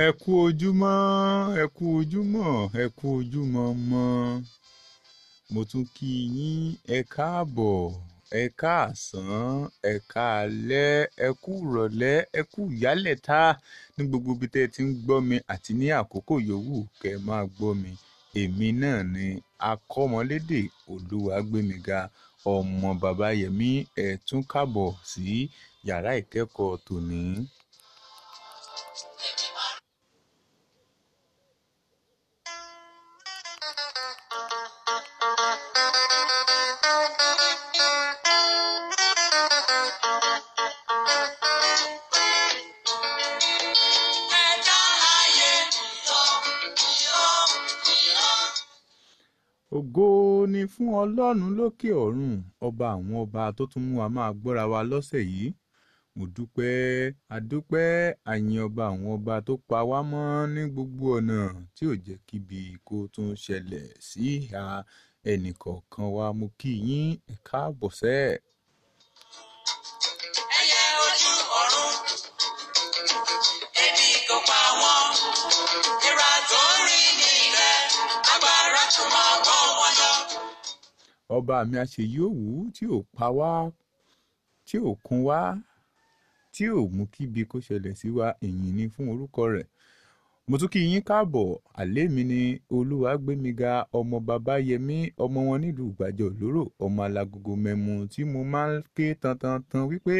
ẹ kú ojúmọ́ ẹ kú ojúmọ́ ẹ kú ojúmọ́ mọ́ mo tún kí yín ẹ káàbọ̀ ẹ káàsán ẹ káalẹ́ ẹ kú rọ̀lẹ́ ẹ kú yálẹ̀ta ní gbogbo ibi tẹ́ ẹ ti ń gbọ́ mi àti ní àkókò yòówù kẹ́ ẹ máa gbọ́ mi èmi náà ni akọ́mọlédè olúwàgbémiga ọmọ bàbá yẹmi ẹ tún káàbọ̀ sí yàrá ìkẹ́kọ̀ọ́ tòní. ògo ni fún ọlọ́run lókè ọ̀run ọba àwọn ọba tó tún mú wa máa gbọ́ra wa lọ́sẹ̀ yìí mo dúpẹ́ adúpẹ́ àyìn ọba àwọn ọba tó pa wá mọ́ ní gbogbo ọ̀nà tí ò jẹ́ kíbi kó tún ṣẹlẹ̀ sí ìhà ẹnìkọ̀ọ̀kan wa mo kí yín ẹ káàbọ̀ ẹyẹ ọba mi àṣeyí òwú tí ò pa wá tí ò kún wá tí ò mú kíbi kó ṣẹlẹ̀ sí wa ìyìn ni fún orúkọ rẹ̀ mo tún kí yín káàbọ̀ àlẹ́ mi ni olúwàgbémiga ọmọ bàbá yẹmí ọmọ wọn nílùú ìgbàjọ lóró ọmọ alágogo mẹ́mu tí mo máa ń ké tantantan wípé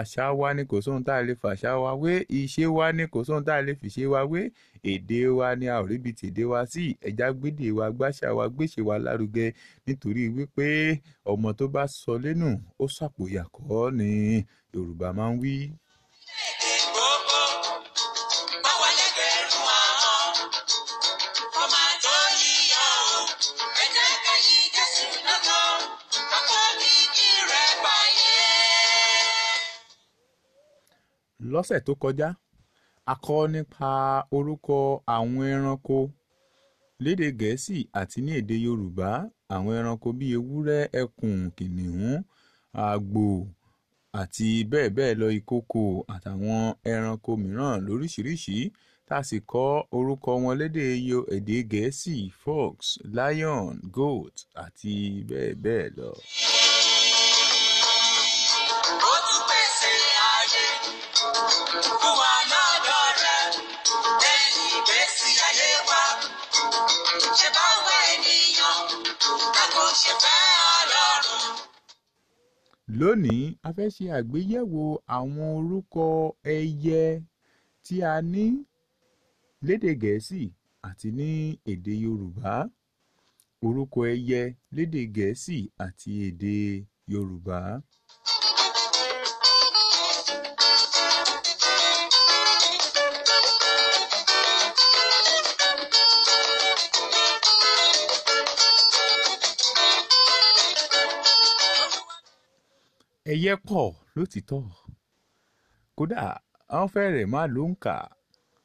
àṣà wa ni kò sóhun tá a lè fàṣà wa wé ìṣe wa ni kò sóhun tá a lè fìṣe wa wé èdè wa ni a ò ríbi tèdè wa sí ẹ̀já gbédè wa gbáṣà wa gbéṣe wa lárugẹ nítorí wípé ọmọ tó bá sọ lẹ́nu ó sàpòyàkọ́ ni Yorùbá máa ń wí. lọ́sẹ̀ tó kọjá a kọ́ nípa orúkọ àwọn ẹranko lédè gẹ̀ẹ́sì àti ní èdè yorùbá àwọn ẹranko bíi ewúrẹ́ ẹkùn kìnìún àgbò àti bẹ́ẹ̀ bẹ́ẹ̀ lọ ìkókò àtàwọn ẹranko mìíràn lóríṣiríṣi tá a sì kọ́ orúkọ wọn lédè yo èdè gẹ̀ẹ́sì fox lion goat àti bẹ́ẹ̀ bẹ́ẹ̀ lọ. Lónìí, a fẹ́ ṣe àgbéyẹ̀wò àwọn orúkọ ẹyẹ tí a ní lédè Gẹ̀ẹ́sì àti ní èdè Yorùbá. Orúkọ ẹyẹ lédè Gẹ̀ẹ́sì àti èdè Yorùbá ẹyẹ pọ̀ lótìítọ́ kódà àwọn fẹ́rẹ̀ má ló ń kà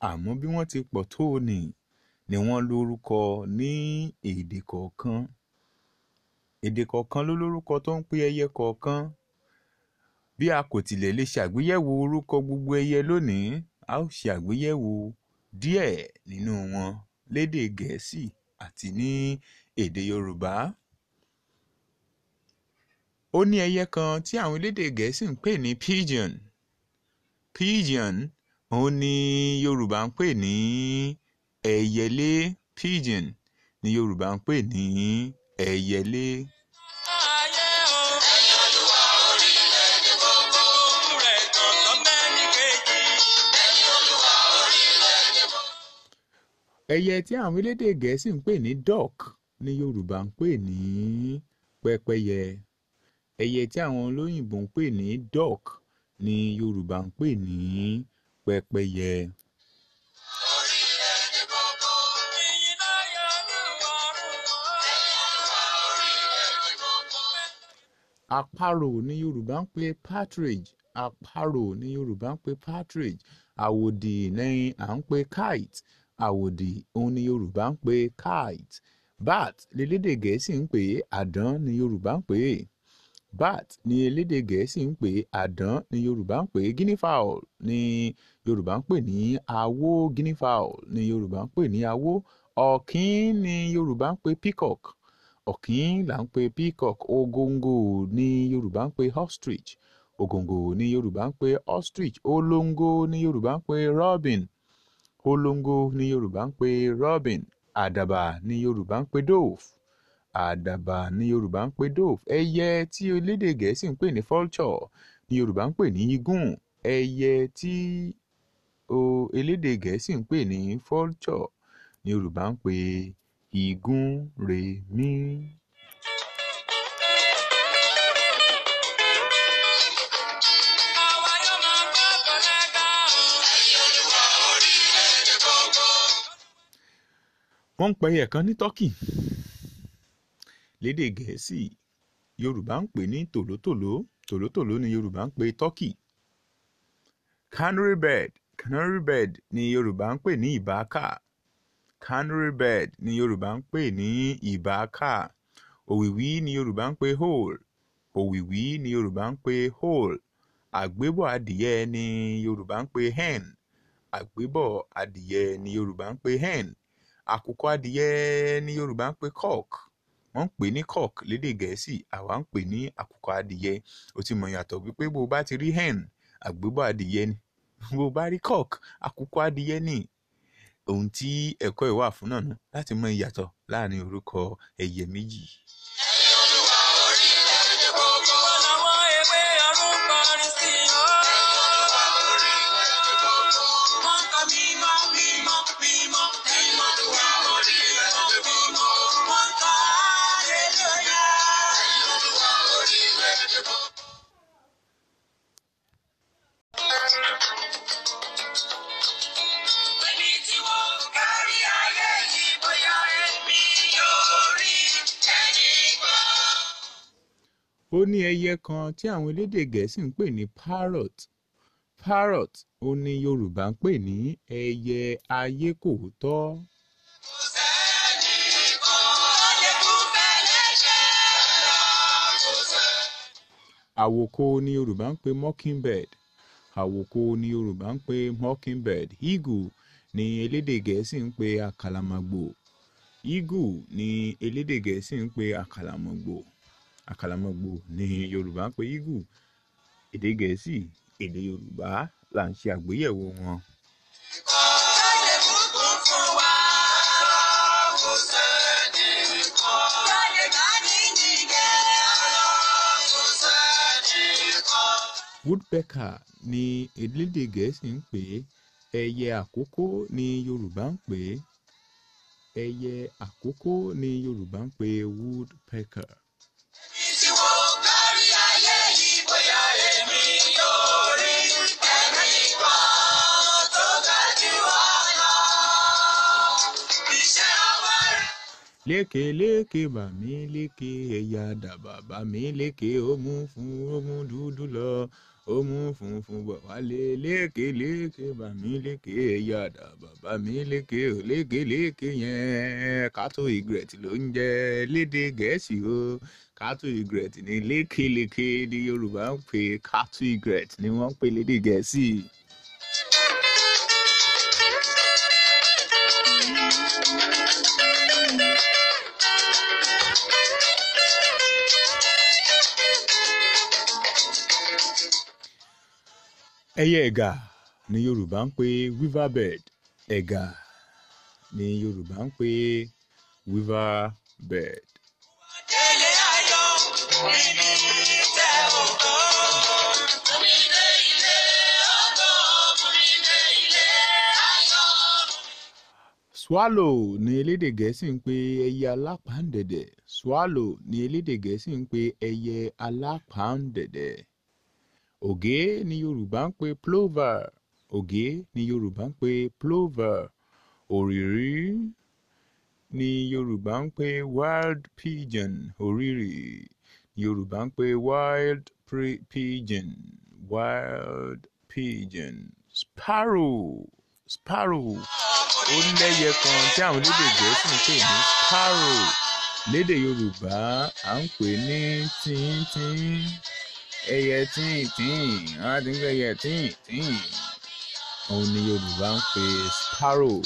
àmọ́ bí wọ́n ti pọ̀ tó ni ni wọ́n lórúkọ ní èdè kọ̀ọ̀kan èdè kọ̀ọ̀kan ló lórúkọ tó ń pè ẹyẹ kọ̀ọ̀kan bí a kò tilẹ̀ lè ṣàgbéyẹ̀wò orúkọ gbogbo ẹyẹ lónìí a ó ṣe díẹ̀ nínú wọn lédè gẹ̀ẹ́sì àti ní èdè yorùbá ó ní ẹyẹ kan tí àwọn elédè gẹ̀ẹ́sì ń pè ní pigeon pigeon òun ni yorùbá ń pè ní ẹyẹlé pigeon ni yorùbá ń pè ní ẹyẹlé. ẹyẹ tí àwọn elédè gẹ̀ẹ́sì ń pè ní duck ni yorùbá ń pè ní pẹ́pẹ́yẹ. Ẹyẹ tí àwọn olóyìnbó ń pè ní duck ni Yorùbá ń pè ní pẹ́pẹ́yẹ. Àparò ni Yorùbá ń pè partridge. Àparò ni Yorùbá ń pè partridge. Àwòdì ni à ń pè kite. Àwòdì òun ni Yorùbá ń pè kite. Bat lelédè Gẹ̀ẹ́sì ń pè, àdán ni Yorùbá ń pè é bat ni elédè Gẹ̀ẹ́sì ń pè é, àdán ní Yorùbá ń pè guinea fowl ni Yorùbá ń pè ní awó, guinea fowl ni Yorùbá ń pè ní awó, ọ̀kín ní Yorùbá ń pè peacock, ọ̀kín là ń pè peacock, ògòǹgò ni Yorùbá ń pè ostrich, ògòǹgò ni Yorùbá ń pè ostrich, olóńgò ni Yorùbá ń pè robin, olóńgò ni Yorùbá ń pè robin, àdàbà ní Yorùbá ń pè dove. Àdàbà ni Yorùbá ń pè dove, ẹyẹ tí elédè Gẹ̀ẹ́sì ń pè ní vulture ni Yorùbá ń pè ní igún, ẹyẹ tí elédè Gẹ̀ẹ́sì ń pè ní vulture ni Yorùbá ń pe igún rèmí. Wọ́n ń pẹyẹ kan ní Turkey lédè gẹ̀ẹ́sì yorùbá ń pè ní tòlótòló tòlótòló ni yorùbá ń pè turkey canary bird canary bird ni yorùbá ń pè ní ìbáka canary bird ni yorùbá ń pè ní ìbáka òwìwí ni yorùbá ń pè hole òwìwí ni yorùbá ń pè hole àgbébọ̀ adìyẹ ni yorùbá ń pè hen àgbébọ̀ adìyẹ ni yorùbá ń pè hen àkùkọ adìyẹ ni yorùbá ń pè cock Wọ́n ń pè é ní cock lédè Gẹ̀ẹ́sì, àwa ń pè é ní àkùkọ adìẹ. O ti mọ ìyàtọ̀ wípé bó bá ti rí hen, àgbébọ̀ adìẹ ni. Bó bá rí cock, àkùkọ adìẹ ni. Ohun tí ẹ̀kọ́ yìí wà fún náà láti mọ ìyàtọ̀ láàárín orúkọ ẹyẹ méjì. ó ní ẹyẹ kan tí àwọn elédè gẹ̀ẹ́sì ń pè ní parrot parrot ó ní yorùbá ń pè ní ẹyẹ ayékòótọ́. àwòkọ ni yorùbá ń pè mockingbird àwòkọ ni yorùbá ń pè mockingbird eagle ni elédè gẹ̀ẹ́sì ń pè àkàlàmọ̀gbò eagle ni elédè gẹ̀ẹ́sì ń pè àkàlàmọ̀gbò àkàlàmọ́gbò ní yorùbá ń pe eagle èdè gẹ̀ẹ́sì èdè yorùbá là ń ṣe àgbéyẹ̀wò wọn. woodpecker ni elédè gẹ̀ẹ́sì ń pè é ẹyẹ àkókó ni yorùbá ń pè é ẹyẹ àkókó ni yorùbá ń pè woodpecker. lékè lékè bàmí leke ẹ̀yà dàbà bàmí lékè leke mú fún ó mú dúdú lọ ó mú funfun bọ̀ wálé lékè lékè bàmí leke ẹ̀yà dàbà bàmí lékè ó lékè lékè yẹn kátó ìgrẹ̀tì ló ń jẹ́ lédè gẹ̀ẹ́sì o kátó ìgrẹ̀tì ní lékè lékè ní yorùbá ń pè kátó ìgrẹ̀tì ni wọ́n ń pè lédè gẹ̀ẹ́sì. ẹyẹ ẹ̀gà ni Yorùbá ń pe weaver bird ẹ̀gà ni Yorùbá ń pe weaver bird. swallow ni elédè gẹ̀ẹ́sì ń pe ẹyẹ alápàǹdẹ̀dẹ̀ swallow ni elédè gẹ̀ẹ́sì ń pe ẹyẹ alápàǹdẹ̀dẹ̀. Oge ni Yorùbá ń pe plover. Ògé ni Yorùbá ń pe plover. Òrìrì ni Yorùbá ń pe wild pigeon. Òrìrì ni Yorùbá ń pe wild pigeon. Wild pigeon. Sparrow. Sparrow. Ó ní lẹ́yẹ kan tí àwọn lédè Gẹ̀ẹ́sì ń pè ní sparrow. Lédè Yorùbá à ń pè ní tíntín ẹyẹ tíì tíì wọn á ti ń pè ẹyẹ tíì tíì òun ni Yorùbá ń pè sparrow.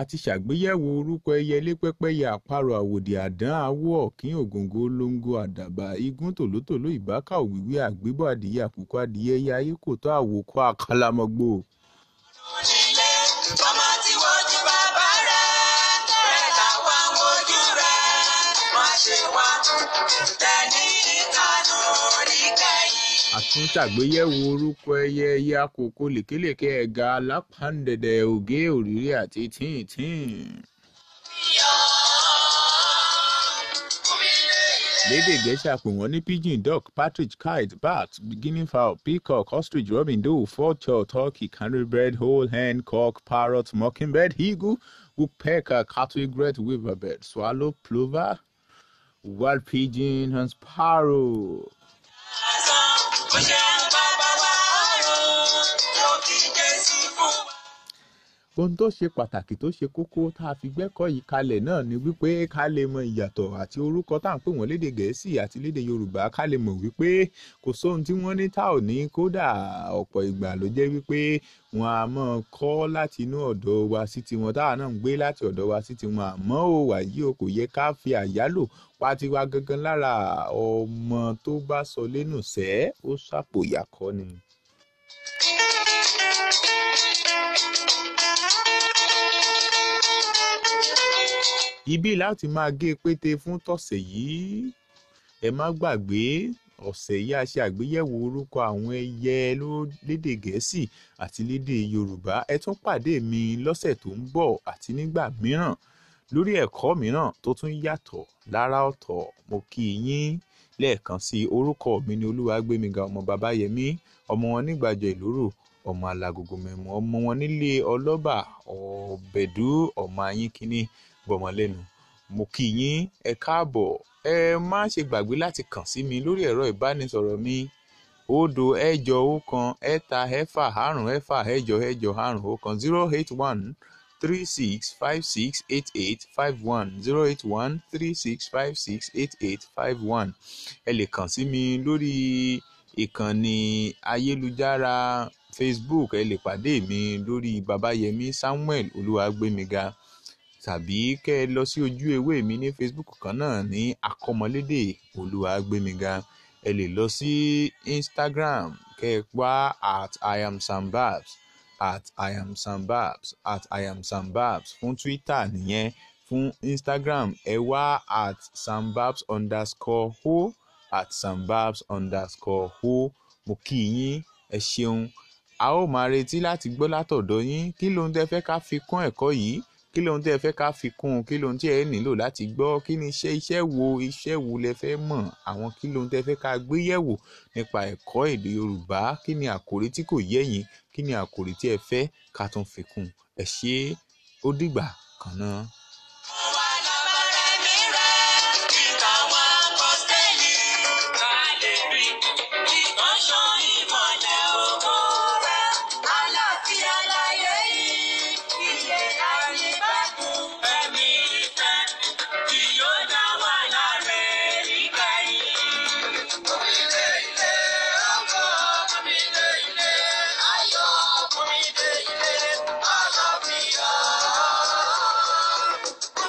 a ti ṣàgbéyẹ̀wò orúkọ ẹyẹlé pẹ́pẹ́yẹ àparò àwòdì àdán awó ọ̀kín ògòǹgò olóńgó àdàbà igún tòlótòló ìbáka òwìwí àgbébọ̀ adìyẹ àkùkọ adìyẹ ẹyẹ ayé kò tó àwòkọ́ àkàlàmọ́gbò. tún ṣàgbéyẹ̀wò orúkọ ẹyẹ ẹyẹ àkókò lékeléké ẹ̀gà alápáǹdẹ̀dẹ̀ ògé òrírí àti tíntìn. lédè gẹ̀ẹ́sì àpò wọn ní pigeon duck partridge kite bat guinea fowl peacock ostrich robin doe vulture turkey canary whole hen cock parrot mockingbird eagle woodpecker cattle egret weaverbird swallow plover wild pigeon and sparrow. Push out! ohun tó ṣe pàtàkì tó ṣe kókó tá a fi gbẹ́kọ̀ yìí kalẹ̀ náà ni wípé ká lè mọ ìyàtọ̀ àti orúkọ tá à ń pè wọ́n léde gẹ̀ẹ́sì àti léde yorùbá ká lè mọ̀ wípé kò sóhun tí wọ́n ní tá ò ní kódà ọ̀pọ̀ ìgbà ló jẹ́ wípé wọn a mọ̀ kọ́ láti inú ọ̀dọ̀ wa sí tiwọn táwa náà ń gbé láti ọ̀dọ̀ wa sí tiwọn àmọ́ ò wà yìí o kò yẹ ká fi àyálò patiwa gangan lára ọmọ tó bá sọ lẹ́nu sẹ́ ó ṣàpòyàkọ́ ni. Ibi la ti máa gé pété fún tọ̀sẹ̀ yìí ẹ má gbàgbé ọ̀sẹ̀ yìí a ṣe àgbéyẹ̀wò orúkọ àwọn ẹyẹ lédè gẹ̀ẹ́sì àti lédè yorùbá ẹ tún pàdé mi lọ́sẹ̀ tó ń bọ̀ àti nígbà mìíràn lórí ẹ̀kọ́ mìíràn tó tún yàtọ̀ lára ọ̀tọ̀ mo kí yín lẹ́ẹ̀kan sí orúkọ mi ni olúwàgbémiga ọmọ babayẹmí ọmọ wọn nígbàjọ ìlóró ọmọ alágogo ọmọ wọn nílé ọlọ́ba ọ̀bẹ̀dú ọmọ ayínkínní gbọ́mọ lẹ́nu mo kí yín ẹ káàbọ̀ ẹ má ṣe gbàgbé láti kàn sí mi lórí ẹ̀rọ ìbánisọ̀rọ̀ mi òdo ẹ̀jọ ọ̀kan ẹ̀ta ẹ̀fà àrùn ẹ̀fà ẹ̀jọ ẹ̀jọ àrùn ọ̀kan zero eight one three six five six eight eight five one zero eight one three six five six eight eight five one ẹ lè kàn sí mi lórí ìkànnì ayélujára Facebook ẹ lè pàdé mi lórí babayemi Samuel olúwàgbémiga tàbí kẹ́ ẹ lọ sí ojú ewé mi ní Facebook kan náà ní akọ́mọlédè olúwàgbémiga ẹ lè lọ sí Instagram kẹ́ ẹ pa at I iamsambabs at Babs at iamsambabs fún Twitter nìyẹn fún Instagram ẹ wá at sambabs underscore ho at Sam Babs underscore ho mo kí yín ẹ ṣeun a ó máa retí láti gbọ́ látọ̀dọ̀ yín kí lóun tẹ́ fẹ́ ká fi kún ẹ̀kọ́ yìí kí lóhun tí ẹ fẹ́ ká fi kún un kí lóhun tí ẹ nílò láti gbọ́ kí ni iṣẹ́ iṣẹ́ wo iṣẹ́ wo lẹ fẹ́ mọ̀ àwọn kí lóhun tí ẹ fẹ́ ká gbé yẹ̀wò nípa ẹ̀kọ́ èdè Yorùbá kí ni àkòrí tí kò yé yín kí ni àkòrí tí ẹ fẹ́ ká tún fi kún un ẹ ṣé ó dìgbà kan náà.